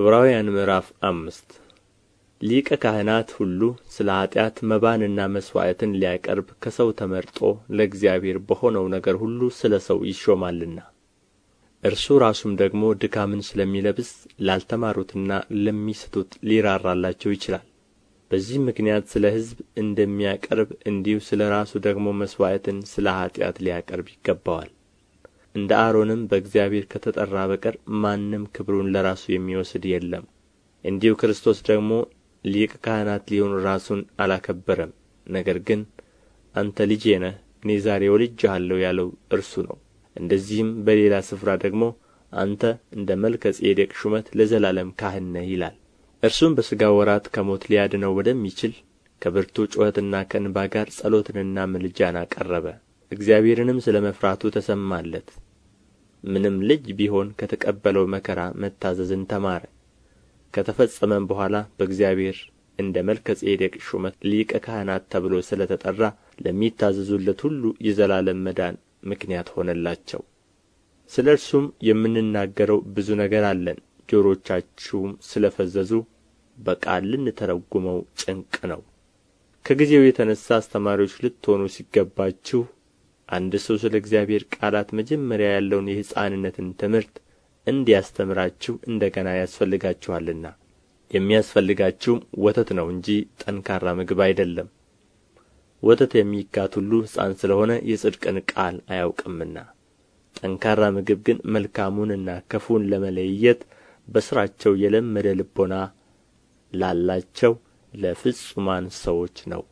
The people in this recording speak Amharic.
ዕብራውያን ምዕራፍ አምስት ሊቀ ካህናት ሁሉ ስለ ኃጢአት መባንና መሥዋዕትን ሊያቀርብ ከሰው ተመርጦ ለእግዚአብሔር በሆነው ነገር ሁሉ ስለ ሰው ይሾማልና እርሱ ራሱም ደግሞ ድካምን ስለሚለብስ ላልተማሩትና ለሚስቱት ሊራራላቸው ይችላል። በዚህ ምክንያት ስለ ሕዝብ እንደሚያቀርብ እንዲሁ ስለ ራሱ ደግሞ መሥዋዕትን ስለ ኃጢአት ሊያቀርብ ይገባዋል። እንደ አሮንም በእግዚአብሔር ከተጠራ በቀር ማንም ክብሩን ለራሱ የሚወስድ የለም እንዲሁ ክርስቶስ ደግሞ ሊቀ ካህናት ሊሆን ራሱን አላከበረም ነገር ግን አንተ ልጄ ነህ እኔ ዛሬ ወልጄሃለሁ ያለው እርሱ ነው እንደዚህም በሌላ ስፍራ ደግሞ አንተ እንደ መልከ ጼዴቅ ሹመት ለዘላለም ካህን ነህ ይላል እርሱም በሥጋ ወራት ከሞት ሊያድነው ወደሚችል ከብርቱ ጩኸትና ከእንባ ጋር ጸሎትንና ምልጃን አቀረበ እግዚአብሔርንም ስለ መፍራቱ ተሰማለት ምንም ልጅ ቢሆን ከተቀበለው መከራ መታዘዝን ተማረ ከተፈጸመም በኋላ በእግዚአብሔር እንደ መልከ ጼዴቅ ሹመት ሊቀ ካህናት ተብሎ ስለ ተጠራ ለሚታዘዙለት ሁሉ የዘላለም መዳን ምክንያት ሆነላቸው። ስለ እርሱም የምንናገረው ብዙ ነገር አለን፣ ጆሮቻችሁም ስለ ፈዘዙ በቃል ልንተረጉመው ጭንቅ ነው። ከጊዜው የተነሳ አስተማሪዎች ልትሆኑ ሲገባችሁ አንድ ሰው ስለ እግዚአብሔር ቃላት መጀመሪያ ያለውን የሕፃንነትን ትምህርት እንዲያስተምራችሁ እንደ ገና ያስፈልጋችኋልና የሚያስፈልጋችሁም ወተት ነው እንጂ ጠንካራ ምግብ አይደለም ወተት የሚጋት ሁሉ ሕፃን ስለ ሆነ የጽድቅን ቃል አያውቅምና ጠንካራ ምግብ ግን መልካሙንና ክፉን ለመለየት በሥራቸው የለመደ ልቦና ላላቸው ለፍጹማን ሰዎች ነው